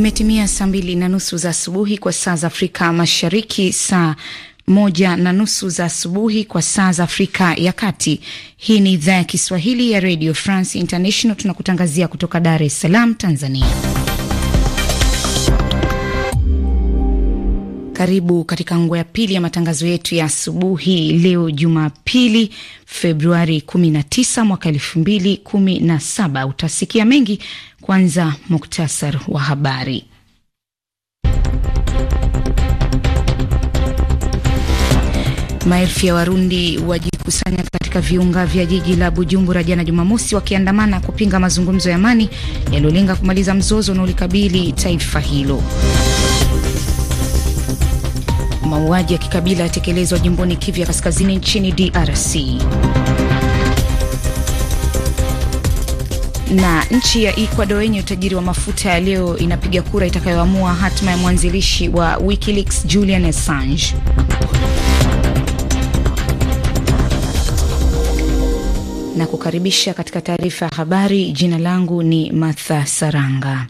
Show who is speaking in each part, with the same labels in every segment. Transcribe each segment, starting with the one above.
Speaker 1: Imetimia saa mbili na nusu za asubuhi kwa saa za Afrika Mashariki, saa moja na nusu za asubuhi kwa saa za Afrika ya Kati. Hii ni idhaa ya Kiswahili ya Radio France International, tunakutangazia kutoka Dar es Salaam, Tanzania. Karibu katika nguo ya pili ya matangazo yetu ya asubuhi leo Jumapili, Februari 19 mwaka 2017. Utasikia mengi, kwanza muktasar wa habari. Maelfu ya Warundi wajikusanya katika viunga vya jiji la Bujumbura jana Jumamosi, wakiandamana kupinga mazungumzo ya amani yaliyolenga kumaliza mzozo unaolikabili taifa hilo mauaji ya kikabila yatekelezwa jimboni kivya kaskazini nchini DRC. Na nchi ya Ecuador yenye utajiri wa mafuta ya leo inapiga kura itakayoamua hatima ya mwanzilishi wa WikiLeaks Julian Assange. Na kukaribisha katika taarifa ya habari. Jina langu ni Martha Saranga.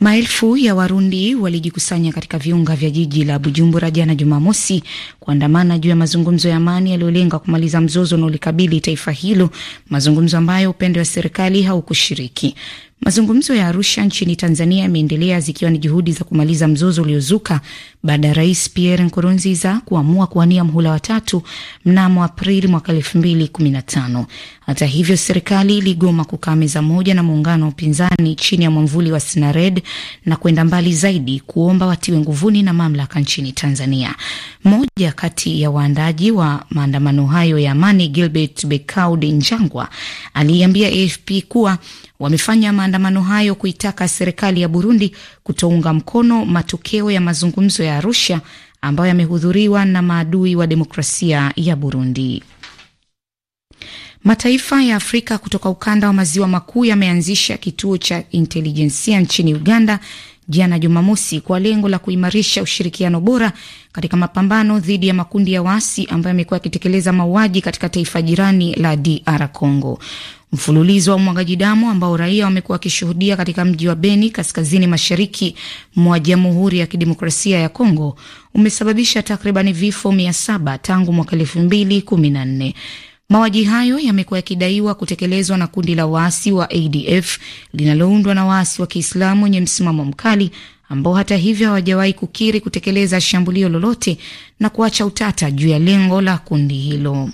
Speaker 1: Maelfu ya Warundi walijikusanya katika viunga vya jiji la Bujumbura jana Jumamosi kuandamana juu ya mazungumzo ya amani yaliyolenga kumaliza mzozo unaolikabili taifa hilo, mazungumzo ambayo upande wa serikali haukushiriki. Mazungumzo ya Arusha nchini Tanzania yameendelea zikiwa ni juhudi za kumaliza mzozo uliozuka baada ya Rais Pierre Nkurunziza kuamua kuwania mhula watatu mnamo Aprili mwaka elfu mbili kumi na tano. Hata hivyo, serikali iligoma kukaa meza moja na muungano wa upinzani chini ya mwamvuli wa Sinared na kwenda mbali zaidi kuomba watiwe nguvuni na mamlaka nchini Tanzania. Mmoja kati ya waandaji wa maandamano hayo ya amani, Gilbert Bekaud Njangwa, aliiambia AFP kuwa wamefanya maandamano hayo kuitaka serikali ya Burundi kutounga mkono matokeo ya mazungumzo ya Arusha ambayo yamehudhuriwa na maadui wa demokrasia ya Burundi. Mataifa ya Afrika kutoka ukanda wa maziwa makuu yameanzisha kituo cha intelijensia nchini Uganda jana Jumamosi kwa lengo la kuimarisha ushirikiano bora katika mapambano dhidi ya makundi ya waasi ambayo yamekuwa yakitekeleza mauaji katika taifa jirani la DR Congo. Mfululizo wa umwagaji damu ambao raia wamekuwa wakishuhudia katika mji wa Beni, kaskazini mashariki mwa Jamhuri ya Kidemokrasia ya congo umesababisha takribani vifo mia saba tangu mwaka elfu mbili kumi na nne. Mauaji hayo yamekuwa yakidaiwa kutekelezwa na kundi la waasi wa ADF linaloundwa na waasi wa Kiislamu wenye msimamo mkali ambao hata hivyo hawajawahi kukiri kutekeleza shambulio lolote na kuacha utata juu ya lengo la kundi hilo.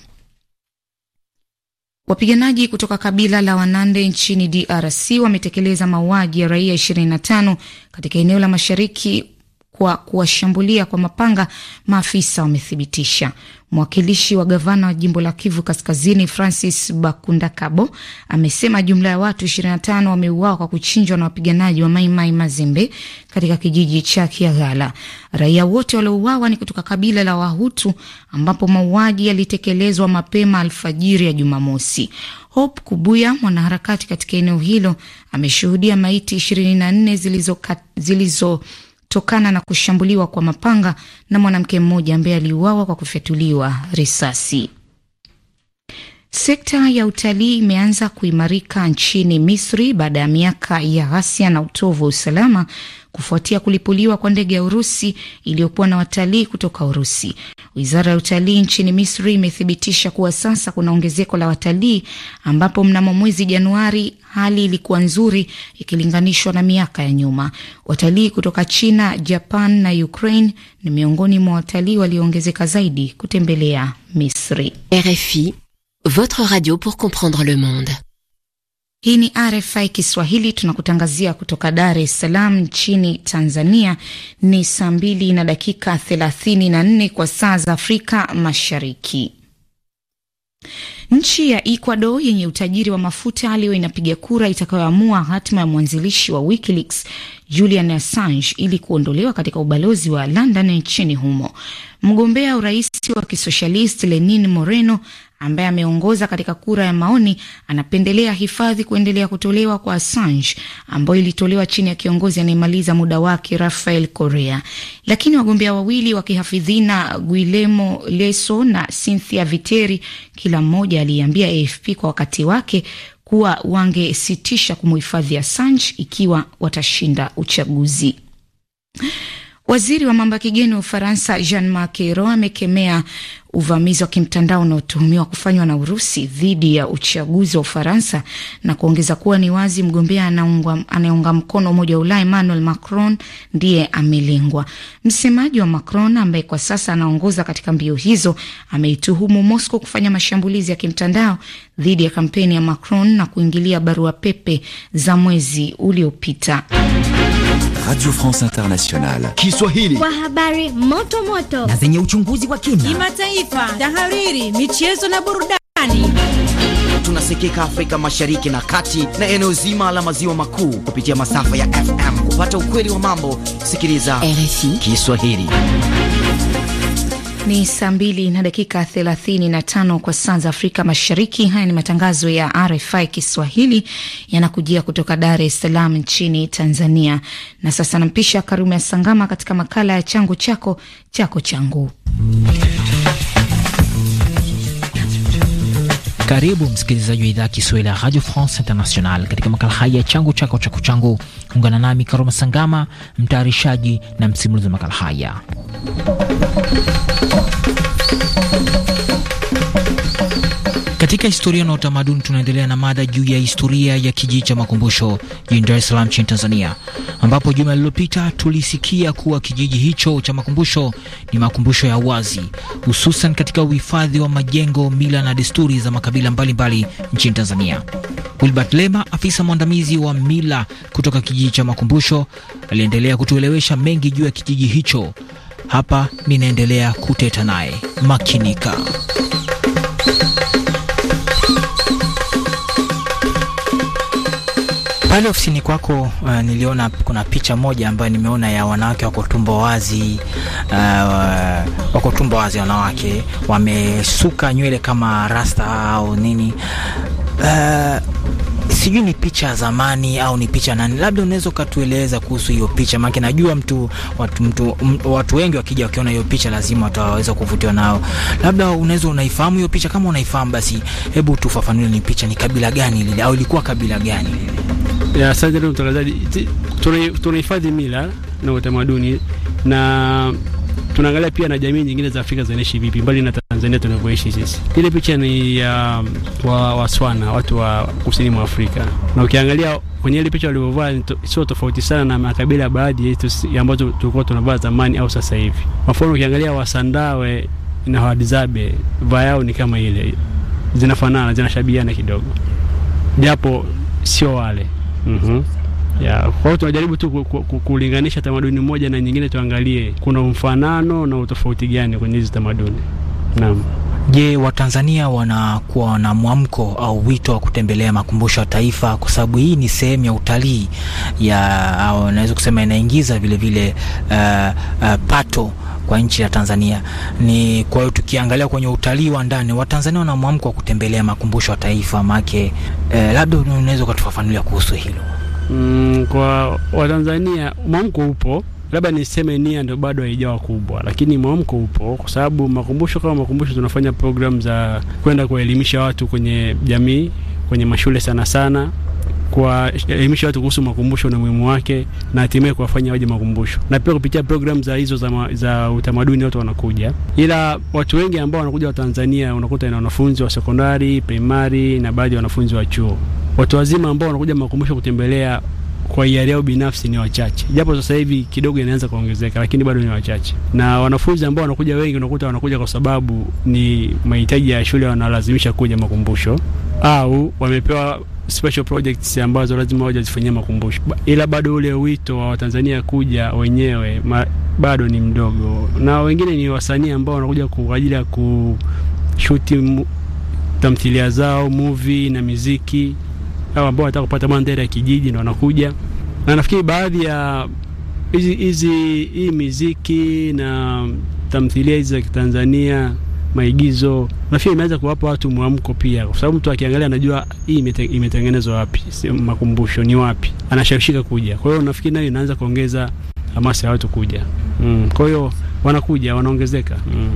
Speaker 1: Wapiganaji kutoka kabila la Wanande nchini DRC wametekeleza mauaji ya raia 25 katika eneo la mashariki kwa kuwashambulia kwa mapanga, maafisa wamethibitisha. Mwakilishi wa gavana wa jimbo la Kivu Kaskazini, Francis Bakundakabo, amesema jumla ya watu 25 wameuawa kwa kuchinjwa na wapiganaji wa Maimai Mazembe katika kijiji cha Kiaghala. Raia wote waliouawa ni kutoka kabila la Wahutu, ambapo mauaji yalitekelezwa mapema alfajiri ya Jumamosi. Hope Kubuya, mwanaharakati katika eneo hilo, ameshuhudia maiti 24 zilizo, zilizo tokana na kushambuliwa kwa mapanga na mwanamke mmoja ambaye aliuawa kwa kufyatuliwa risasi. Sekta ya utalii imeanza kuimarika nchini Misri baada ya miaka ya ghasia na utovu wa usalama kufuatia kulipuliwa kwa ndege ya Urusi iliyokuwa na watalii kutoka Urusi. Wizara ya utalii nchini Misri imethibitisha kuwa sasa kuna ongezeko la watalii, ambapo mnamo mwezi Januari hali ilikuwa nzuri ikilinganishwa na miaka ya nyuma. Watalii kutoka China, Japan na Ukraine ni miongoni mwa watalii walioongezeka zaidi kutembelea Misri. RFI votre radio pour comprendre le monde. Hii ni RFI Kiswahili, tunakutangazia kutoka Dar es Salaam nchini Tanzania. Ni saa mbili na dakika thelathini na nne kwa saa za Afrika Mashariki. Nchi ya Ecuador yenye utajiri wa mafuta leo inapiga kura itakayoamua hatima ya mwanzilishi wa WikiLeaks Julian Assange ili kuondolewa katika ubalozi wa London nchini humo. Mgombea urais wa kisoshalisti Lenin Moreno ambaye ameongoza katika kura ya maoni anapendelea hifadhi kuendelea kutolewa kwa Assange ambayo ilitolewa chini ya kiongozi anayemaliza muda wake Rafael Correa. Lakini wagombea wawili wa kihafidhina Guillermo Leso na Cynthia Viteri, kila mmoja aliambia AFP kwa wakati wake kuwa wangesitisha kumuhifadhi Assange ikiwa watashinda uchaguzi. Waziri wa mambo ya kigeni wa Ufaransa Jean Marc Ayrault amekemea uvamizi wa kimtandao unaotuhumiwa kufanywa na Urusi dhidi ya uchaguzi wa Ufaransa na kuongeza kuwa ni wazi mgombea anayeunga mkono Umoja wa Ulaya Emmanuel Macron ndiye amelengwa. Msemaji wa Macron ambaye kwa sasa anaongoza katika mbio hizo ameituhumu Moscow kufanya mashambulizi ya kimtandao dhidi ya kampeni ya Macron na kuingilia barua pepe za mwezi uliopita.
Speaker 2: Radio France Internationale Kiswahili,
Speaker 3: kwa
Speaker 1: habari moto moto na
Speaker 3: zenye uchunguzi wa
Speaker 1: kina, kimataifa, tahariri, michezo na burudani.
Speaker 3: Tunasikika Afrika Mashariki na Kati na eneo zima la maziwa makuu kupitia masafa ya FM. Kupata ukweli wa mambo, sikiliza RFI
Speaker 4: Kiswahili.
Speaker 1: Ni saa mbili na dakika 35 kwa saa za Afrika Mashariki. Haya ni matangazo ya RFI Kiswahili yanakujia kutoka Dar es Salaam nchini Tanzania. Na sasa nampisha Karume ya Sangama katika makala ya changu chako chako changu.
Speaker 3: Karibu msikilizaji wa idhaa Kiswahili ya Radio France International katika makala haya ya changu chako chako changu Ungana nami Karoma Sangama, mtayarishaji na msimulizi wa makala haya. Katika historia na utamaduni, tunaendelea na mada juu ya historia ya kijiji cha Makumbusho jijini Dar es Salaam nchini Tanzania, ambapo juma lililopita tulisikia kuwa kijiji hicho cha Makumbusho ni makumbusho ya wazi, hususan katika uhifadhi wa majengo, mila na desturi za makabila mbalimbali nchini Tanzania. Wilbert Lema, afisa mwandamizi wa mila kutoka kijiji cha Makumbusho, aliendelea kutuelewesha mengi juu ya kijiji hicho. Hapa ninaendelea kuteta naye, makinika. Pale ofisini kwako uh, niliona kuna picha moja ambayo nimeona ya wanawake wako tumbo wazi uh, wako tumbo wazi wanawake wamesuka nywele kama rasta au nini uh, sijui ni picha ya zamani au ni picha nani, labda unaweza ukatueleza kuhusu hiyo picha, maana najua mtu watu, mtu, watu wengi wakija wakiona hiyo picha lazima wataweza kuvutiwa nao. Labda unaweza unaifahamu hiyo picha, kama unaifahamu basi hebu tufafanue ni picha ni kabila gani lile au ilikuwa kabila gani
Speaker 5: lile. ndio mtangazaji, tunahifadhi mila na utamaduni na tunaangalia pia na jamii nyingine za Afrika zinaishi vipi mbali na Tanzania tunavyoishi sisi. Ile picha ni ya uh, Waswana wa watu wa kusini mwa Afrika, na ukiangalia kwenye ile picha walivyovaa sio tofauti sana na makabila baadhi yetu ambazo tulikuwa tunavaa zamani au sasa hivi. Kwa mfano ukiangalia Wasandawe na Wadizabe vaa yao ni kama ile, zinafanana zinashabiana kidogo, japo sio wale. mm -hmm ya Kwa hiyo tunajaribu tu kulinganisha tamaduni moja na nyingine, tuangalie kuna mfanano na utofauti gani kwenye hizi tamaduni. Naam.
Speaker 3: Je, Watanzania wanakuwa na mwamko au wito wa kutembelea makumbusho ya taifa kwa sababu hii ni sehemu ya utalii ya au naweza kusema inaingiza vile vile uh, uh, pato kwa nchi ya Tanzania. Ni kwa hiyo tukiangalia kwenye utalii wa ndani, Watanzania wana mwamko wa kutembelea makumbusho ya taifa make, uh, eh, labda unaweza ukatufafanulia kuhusu
Speaker 5: hilo mm, kwa Watanzania mwamko upo, labda niseme nia ndio bado haijawa kubwa, lakini mwamko upo, kwa sababu makumbusho kama makumbusho tunafanya program za kwenda kuwaelimisha watu kwenye jamii, kwenye mashule sana sana kuwaelimisha watu kuhusu makumbusho na umuhimu wake na hatimaye kuwafanya waje makumbusho, na pia kupitia programu za hizo za, ma, za utamaduni watu wanakuja, ila watu wengi ambao wanakuja wa Tanzania unakuta ni wanafunzi wa sekondari, primary na baadhi ya wanafunzi wa chuo watu wazima ambao wanakuja makumbusho kutembelea kwa hiari yao binafsi ni wachache, japo sasa hivi kidogo inaanza kuongezeka, lakini bado ni wachache. Na wanafunzi ambao wanakuja wengi, unakuta wanakuja kwa sababu ni mahitaji ya shule wanalazimisha kuja makumbusho, au wamepewa special projects ambazo lazima waje zifanyie makumbusho, ila bado ule wito wa Watanzania kuja wenyewe ma, bado ni mdogo. Na wengine ni wasanii ambao wanakuja kwa ajili ya kushuti tamthilia zao, movie na miziki au ambao wanataka kupata mandhari ya kijiji ndio wanakuja, na nafikiri baadhi ya hizi hizi hii miziki na tamthilia hizi za Kitanzania maigizo nafikiri imeanza kuwapa watu mwamko pia, kwa sababu mtu akiangalia anajua hii imetengenezwa wapi, makumbusho ni wapi, anashawishika kuja. Kwa hiyo nafikiri nayo inaanza kuongeza hamasa ya watu kuja. Mm, kwa hiyo wanakuja wanaongezeka. Mm.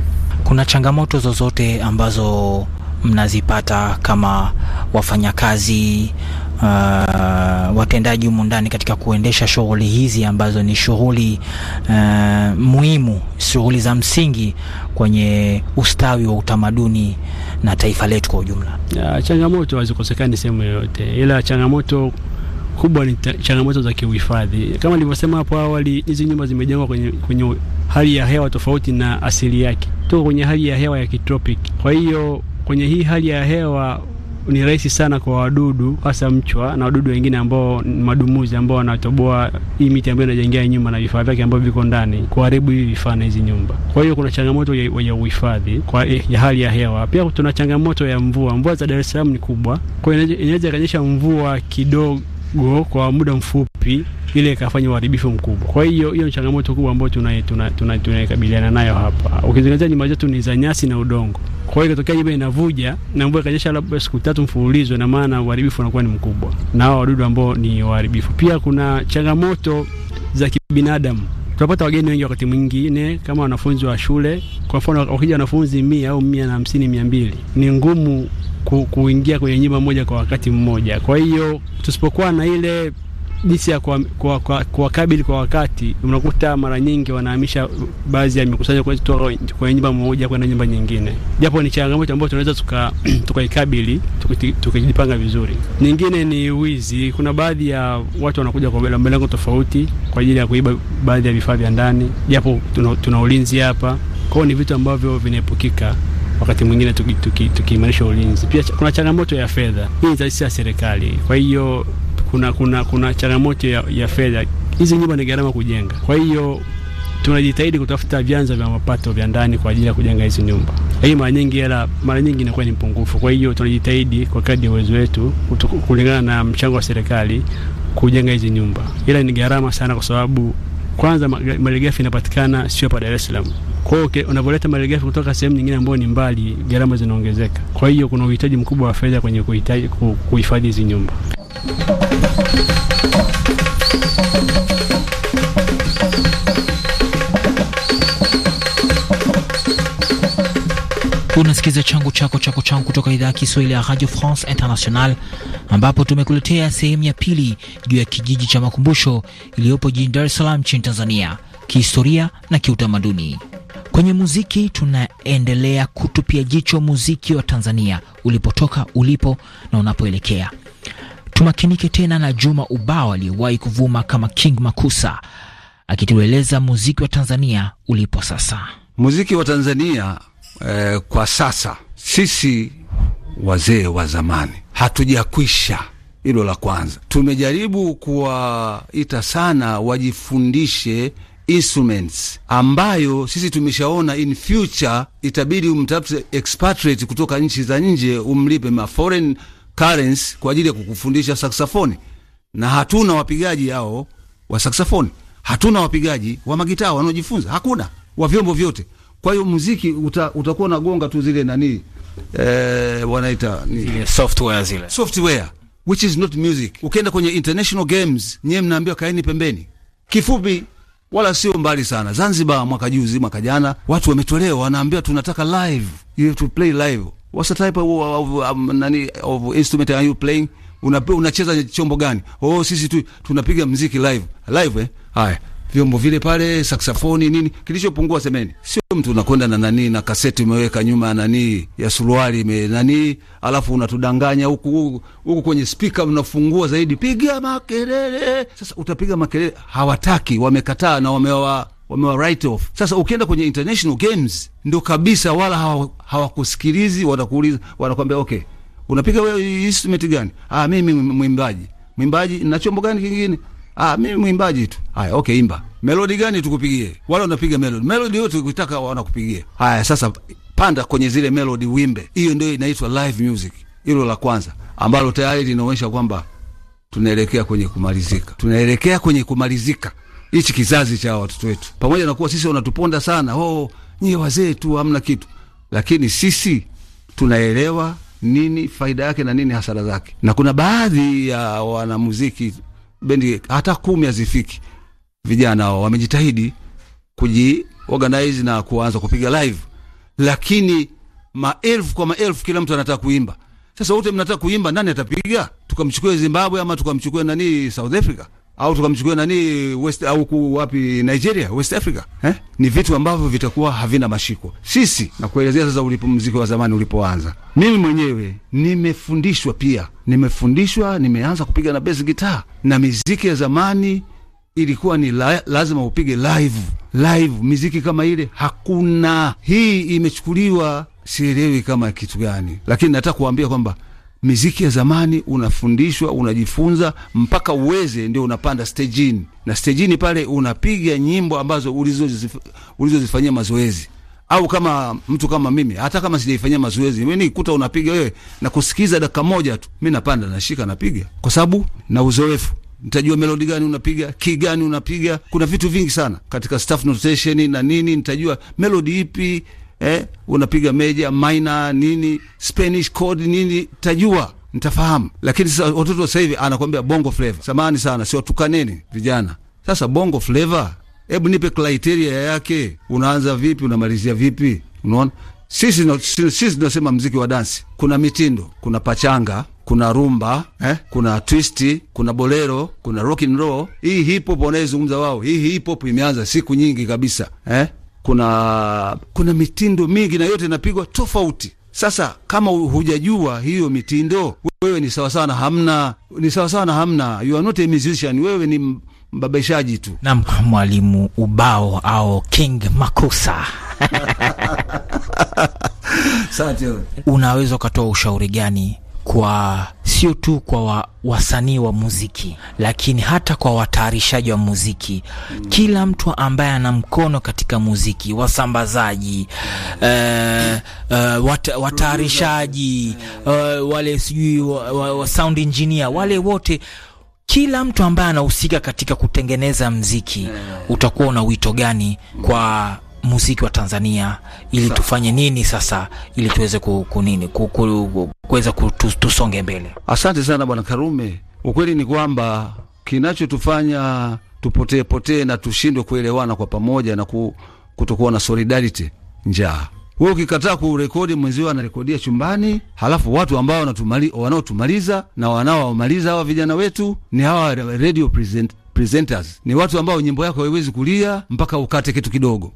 Speaker 3: Kuna changamoto zozote ambazo mnazipata kama wafanyakazi uh, watendaji humu ndani katika kuendesha shughuli hizi ambazo ni shughuli uh, muhimu, shughuli za msingi kwenye ustawi wa utamaduni na taifa letu kwa ujumla.
Speaker 5: Ya, changamoto hazikosekani sehemu yoyote, ila changamoto kubwa ni changamoto za kiuhifadhi. Kama nilivyosema hapo awali, hizi nyumba zimejengwa kwenye, kwenye hali ya hewa tofauti na asili yake, toka kwenye hali ya hewa ya kitropiki, kwa hiyo kwenye hii hali ya hewa ni rahisi sana kwa wadudu hasa mchwa na wadudu wengine ambao ni madumuzi ambao wanatoboa hii miti ambayo inajengea nyumba na vifaa vyake ambavyo viko ndani kuharibu hivi vifaa na hizi nyumba. Kwa hiyo kuna changamoto ya, ya uhifadhi kwa eh, ya hali ya hewa. Pia tuna changamoto ya mvua. Mvua za Dar es Salaam ni kubwa, kwa hiyo inaweza ikanyesha mvua kidogo go kwa muda mfupi, ile ikafanya uharibifu mkubwa. Kwa hiyo hiyo ni changamoto kubwa ambayo tunaikabiliana tuna, tuna, tuna nayo hapa. Ukizingatia nyumba zetu ni za nyasi na udongo, kwa hiyo ikatokea nyumba inavuja na mvua ikanyesha labda siku tatu mfululizo, na maana uharibifu unakuwa ni mkubwa, na hao wadudu ambao ni waharibifu. Pia kuna changamoto za kibinadamu tunapata wageni wengi wakati mwingine, kama wanafunzi wa shule. Kwa mfano, wakija wanafunzi mia au mia na hamsini, mia mbili, ni ngumu ku, kuingia kwenye nyumba moja kwa wakati mmoja. Kwa hiyo tusipokuwa na ile jinsi ya kuwakabili kwa wakati, unakuta mara nyingi wanahamisha baadhi ya mikusanyo kutoka kwenye nyumba moja kwenda nyumba nyingine, japo ni changamoto ambayo tunaweza tukaikabili tukijipanga vizuri. Nyingine ni wizi. Kuna baadhi ya watu wanakuja kwa malengo tofauti kwa ajili ya kuiba baadhi ya vifaa vya ndani, japo tuna, tuna ulinzi hapa. Kwa ni vitu ambavyo vinaepukika wakati mwingine tukiimarisha tuki, tuki ulinzi. Pia kuna changamoto ya fedha. Hii ni taasisi ya serikali, kwa hiyo kuna, kuna, kuna changamoto ya, ya fedha. Hizi nyumba ni gharama kujenga, kwa hiyo tunajitahidi kutafuta vyanzo vya mapato vya ndani kwa ajili ya kujenga hizi nyumba, lakini mara nyingi hela mara nyingi inakuwa ni mpungufu. Kwa hiyo tunajitahidi kwa kadri ya uwezo wetu kulingana na mchango wa serikali kujenga hizi nyumba, ila ni gharama sana, kwa sababu kwanza malighafi inapatikana sio hapa Dar es Salaam. Kwa hiyo unavyoleta malighafi kutoka sehemu nyingine ambayo ni mbali, gharama zinaongezeka. Kwa hiyo kuna uhitaji mkubwa wa fedha kwenye kuhifadhi hizi nyumba.
Speaker 3: Unasikiza changu chako chako changu kutoka idhaa ya Kiswahili ya Radio France International, ambapo tumekuletea sehemu ya pili juu ya kijiji cha makumbusho iliyopo jijini Dar es Salaam nchini Tanzania, kihistoria na kiutamaduni. Kwenye muziki tunaendelea kutupia jicho muziki wa Tanzania, ulipotoka, ulipo na unapoelekea. Tumakinike tena na Juma Ubao aliyewahi kuvuma kama King Makusa akitueleza muziki wa Tanzania ulipo sasa.
Speaker 2: Muziki wa Tanzania eh, kwa sasa sisi wazee wa zamani hatujakwisha. Hilo la kwanza. Tumejaribu kuwaita sana wajifundishe instruments ambayo sisi tumeshaona in future itabidi umtafute expatriate kutoka nchi za nje, umlipe ma foreign Currens kwa ajili ya kukufundisha saksafoni, na hatuna wapigaji hao wa saksafoni, hatuna wapigaji wa magitaa wanaojifunza, hakuna wa vyombo vyote. Kwa hiyo muziki uta, utakuwa unagonga tu zile nani eh, wanaita ni software zile software which is not music. Ukienda kwenye international games, nyewe mnaambiwa kaeni pembeni. Kifupi wala sio mbali sana, Zanzibar mwaka juzi, mwaka jana, watu wametolewa, wanaambiwa tunataka live, you have to play live what's the type of, of, um, nani, of instrument are you playing? Unacheza unacheza chombo gani? Oh, sisi tu tunapiga mziki live live, eh? Haya, vyombo vile pale, saksafoni nini, kilichopungua semeni, sio mtu unakwenda na nani na kaseti umeweka nyuma nani ya suruali ime nani, alafu unatudanganya huku huku kwenye spika, mnafungua zaidi, piga makelele. Sasa utapiga makelele, hawataki, wamekataa na wamewa wamewa write off. Sasa ukienda kwenye international games ndio kabisa, wala hawakusikilizi hawa, watakuuliza wanakwambia, okay, unapiga wewe instrument gani? Ah, mimi mwimbaji. Mwimbaji na chombo gani kingine? Ah, mimi mwimbaji tu. Haya, okay, imba melodi gani tukupigie? Wala unapiga melodi, melodi yote ukitaka wanakupigia. Haya, sasa panda kwenye zile melodi wimbe. Hiyo ndio inaitwa live music. Hilo la kwanza ambalo tayari linaonyesha kwamba tunaelekea kwenye kumalizika, tunaelekea kwenye kumalizika hichi kizazi cha watoto wetu, pamoja na kuwa sisi wanatuponda sana, oh, nyie wazee tu hamna kitu, lakini sisi tunaelewa nini faida yake na nini hasara zake. Na kuna baadhi ya wanamuziki bendi hata kumi hazifiki, vijana wao wamejitahidi kujiorganize na kuanza kupiga live, lakini maelfu kwa maelfu, kila mtu anataka kuimba. Sasa wote mnataka kuimba, nani atapiga? Tukamchukue Zimbabwe ama tukamchukue nani South Africa? au tukamchukua nani West au ku wapi Nigeria, West Africa eh? Ni vitu ambavyo vitakuwa havina mashiko. Sisi na kuelezea sasa ulipo mziki wa zamani ulipoanza, mimi mwenyewe nimefundishwa pia, nimefundishwa, nimeanza kupiga na bass guitar, na miziki ya zamani ilikuwa ni la, lazima upige live live, miziki kama ile hakuna. Hii imechukuliwa sielewi kama kitu gani, lakini nataka kuambia kwamba miziki ya zamani unafundishwa, unajifunza mpaka uweze, ndio unapanda stejini, na stejini pale unapiga nyimbo ambazo ulizozifanyia mazoezi au kama mtu kama mimi, hata kama sijaifanyia mazoezi, mimi nikuta unapiga wewe na kusikiza dakika moja tu, mi napanda nashika napiga, kwa sababu na uzoefu nitajua melodi gani unapiga, ki gani unapiga. Kuna vitu vingi sana katika staff notation na nini, nitajua melodi ipi eh, unapiga meja minor nini Spanish chord nini, tajua nitafahamu. Lakini sasa watoto sasa hivi anakwambia bongo flavor. Samani sana, siwatukaneni vijana. Sasa bongo flavor, hebu nipe criteria yake, unaanza vipi, unamalizia vipi? Unaona sisi sisi tunasema mziki wa dansi, kuna mitindo, kuna pachanga kuna rumba eh? kuna twisti, kuna bolero, kuna rock and roll. Hii hip hop wanaizungumza wao, hii hip hop imeanza siku nyingi kabisa eh? kuna, kuna mitindo mingi na yote inapigwa tofauti. Sasa kama hujajua hiyo mitindo, wewe ni sawasawa na hamna, ni sawasawa na hamna, you are not a musician, wewe ni mbabaishaji tu. Naam, mwalimu ubao au King Makusa.
Speaker 3: Unaweza ukatoa ushauri gani kwa sio tu kwa wa, wasanii wa muziki lakini hata kwa watayarishaji wa muziki mm. Kila mtu ambaye ana mkono katika muziki, wasambazaji eh, eh, wat, watayarishaji eh, wale sijui wa, wa, wa sound engineer wale wote kila mtu ambaye anahusika katika kutengeneza mziki, utakuwa una wito gani kwa muziki wa Tanzania ili tufanye nini sasa ili tuweze kunini kuweza tusonge mbele.
Speaker 2: Asante sana Bwana Karume, ukweli ni kwamba kinachotufanya tupotee potee na tushindwe kuelewana kwa pamoja na ku, kutokuwa na solidarity njaa. Wewe ukikataa kurekodi, mwenzio anarekodia chumbani, halafu watu ambao wanatumali, wanaotumaliza na wanaowamaliza hawa vijana wetu ni hawa radio present, presenters. Ni watu ambao nyimbo yako haiwezi kulia mpaka ukate kitu kidogo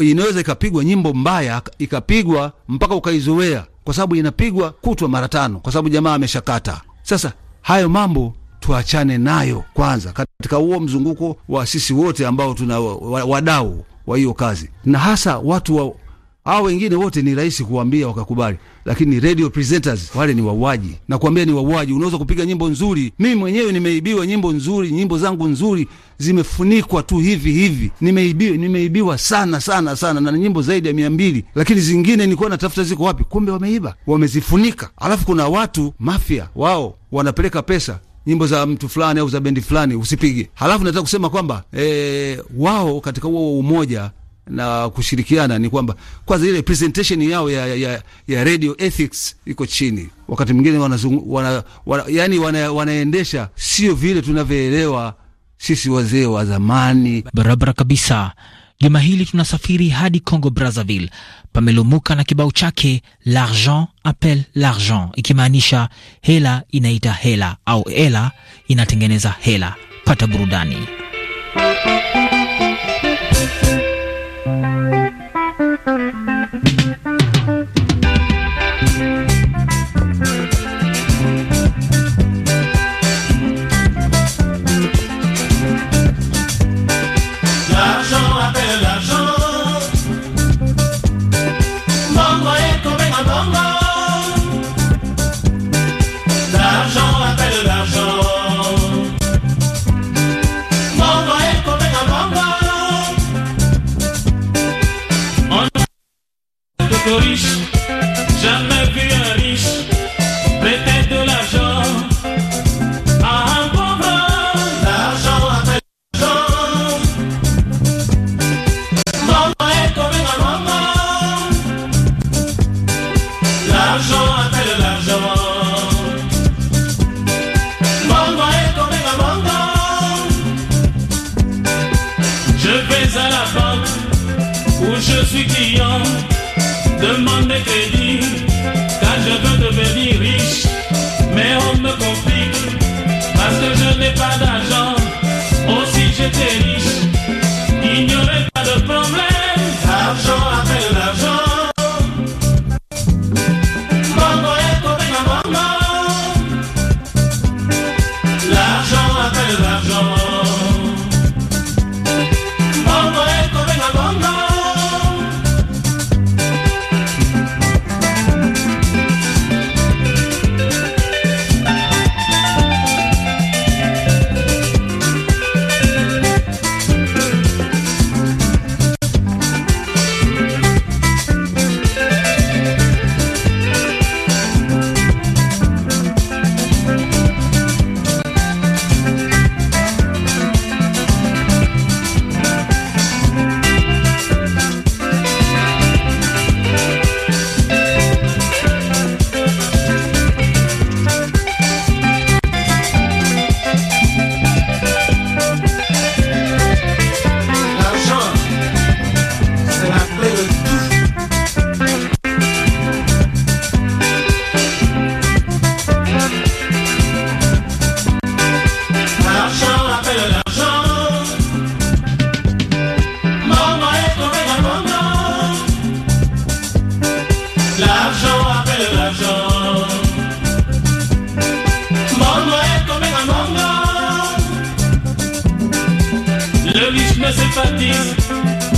Speaker 2: inaweza ikapigwa nyimbo mbaya ikapigwa mpaka ukaizoea, kwa sababu inapigwa kutwa mara tano, kwa sababu jamaa ameshakata. Sasa hayo mambo tuachane nayo kwanza, katika huo mzunguko wa sisi wote ambao tuna wadau wa hiyo kazi, na hasa watu wa hao wengine wote ni rahisi kuwambia wakakubali, lakini radio presenters wale ni wauaji. nakuambia ni wauaji. Unaweza kupiga nyimbo nzuri, mimi mwenyewe nimeibiwa nyimbo nzuri, nyimbo zangu nzuri zimefunikwa tu hivi hivi. Nimeibiwa, nimeibiwa sana sana sana, na nyimbo zaidi ya mia mbili, lakini zingine nilikuwa natafuta ziko wapi, kumbe wameiba, wamezifunika. Alafu kuna watu mafia, wao wanapeleka pesa nyimbo za mtu fulani au za bendi fulani usipige. Halafu nataka kusema kwamba e, wao katika huo umoja na kushirikiana ni kwamba kwanza ile presentation yao ya, ya, ya radio ethics iko chini. Wakati mwingine wanazungu, wana, wana, yani wana, wanaendesha sio vile tunavyoelewa sisi wazee wa zamani. Barabara kabisa. Juma hili
Speaker 3: tunasafiri hadi Congo Brazzaville, pamelumuka na kibao chake l'argent appelle l'argent, ikimaanisha hela inaita hela au hela inatengeneza hela. Pata burudani.
Speaker 6: Gigi.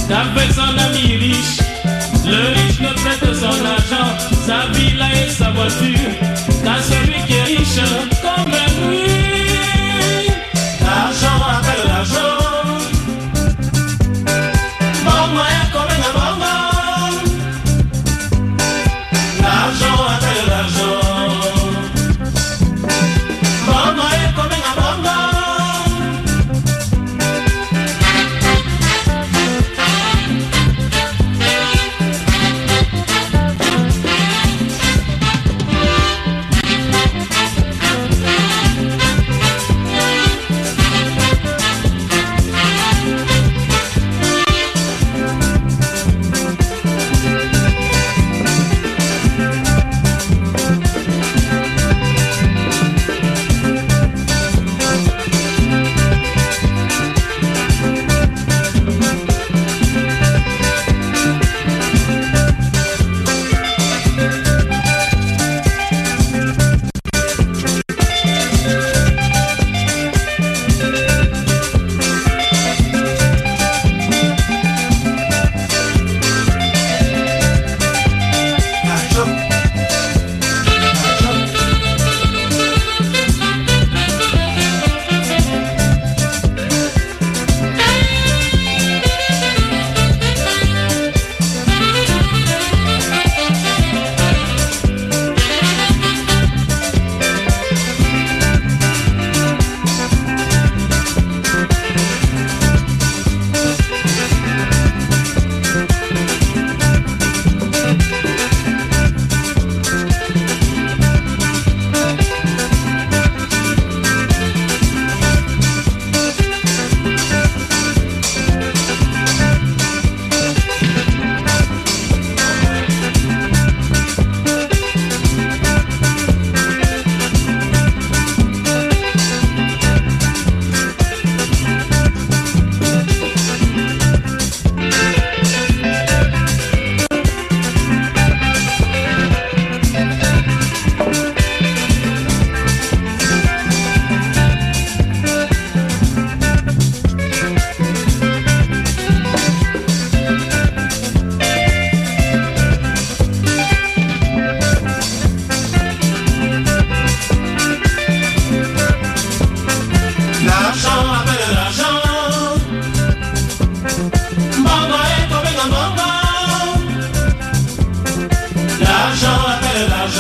Speaker 6: T'avais son ami riche. Le riche ne prête son argent, sa villa et sa voiture, t'as celui qui est riche,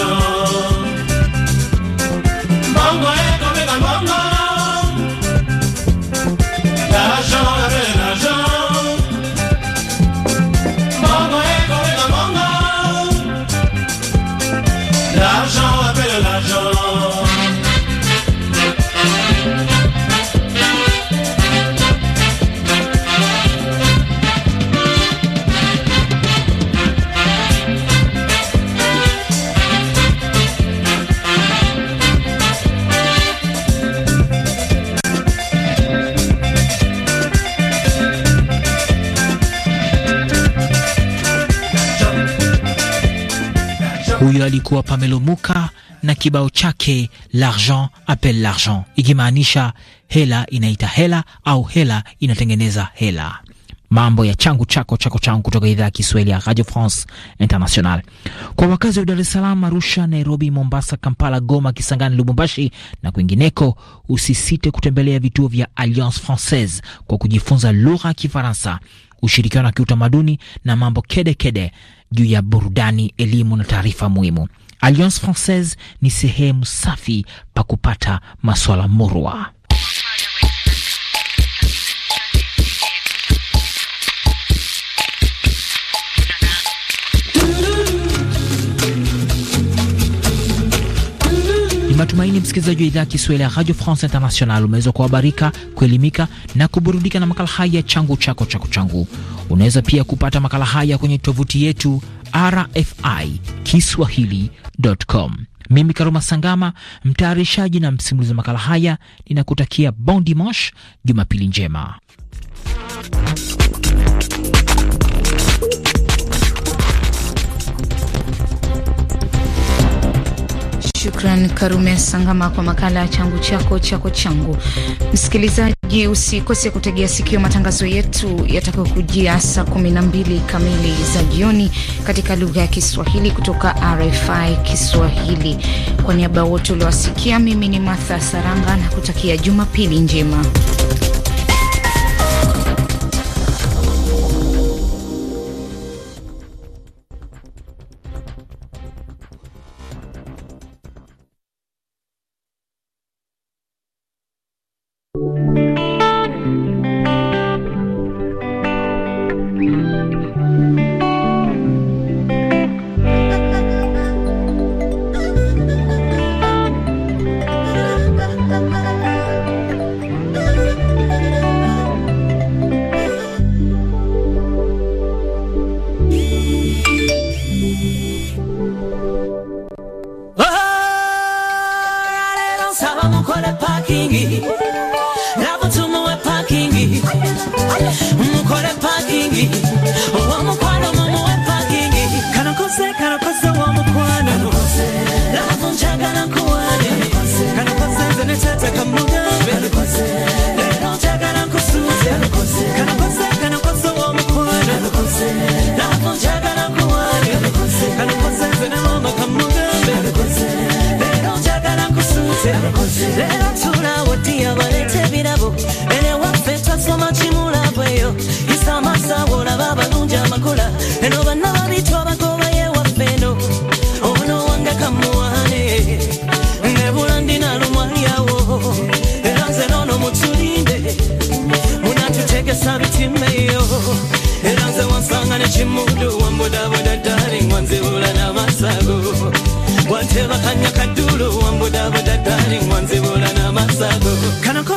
Speaker 6: argent.
Speaker 3: alikuwa Pamelo Muka na kibao chake l'argent appelle l'argent, ikimaanisha hela inaita hela au hela inatengeneza hela. Mambo ya changu chako chako changu, kutoka idhaa ya Kiswahili ya Radio France International. Kwa wakazi wa Dar es Salaam, Arusha, Nairobi, Mombasa, Kampala, Goma, Kisangani, Lubumbashi na kwingineko, usisite kutembelea vituo vya Alliance Francaise kwa kujifunza lugha ya Kifaransa ushirikiano wa kiutamaduni na mambo kedekede juu ya burudani, elimu na taarifa muhimu. Alliance Francaise ni sehemu safi pa kupata maswala murwa. Ni matumaini msikilizaji wa idhaa ya Kiswahili ya Radio France International umeweza kuhabarika, kuelimika na kuburudika na makala haya changu chako chako changu. Unaweza pia kupata makala haya kwenye tovuti yetu RFI Kiswahili.com. Mimi Karuma Sangama, mtayarishaji na msimulizi wa makala haya, ninakutakia bon dimanche, Jumapili njema.
Speaker 1: Shukran Karume Sangama kwa makala ya changu chako chako changu. Msikilizaji, usikose kutegea sikio matangazo yetu yatakayokujia saa 12 kamili za jioni katika lugha ya Kiswahili kutoka RFI Kiswahili. Kwa niaba ya wote uliowasikia, mimi ni Martha Saranga na kutakia Jumapili njema.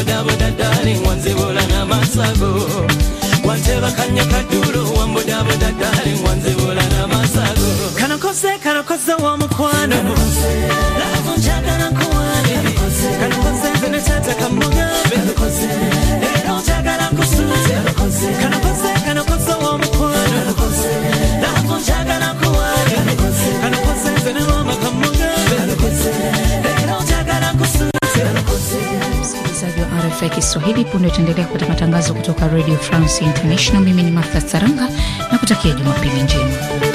Speaker 7: wambodaboda darling wanzibula n'amasago wantebakanya kadulo wambodaboda darling wanzibula n'amasago kanokoze kanokoze wa mukwano
Speaker 1: ya Kiswahili. Punde tuendelea kupata matangazo kutoka Radio France International. Mimi ni Martha Saranga na kutakia Jumapili njema.